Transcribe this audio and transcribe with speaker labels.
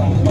Speaker 1: Oh.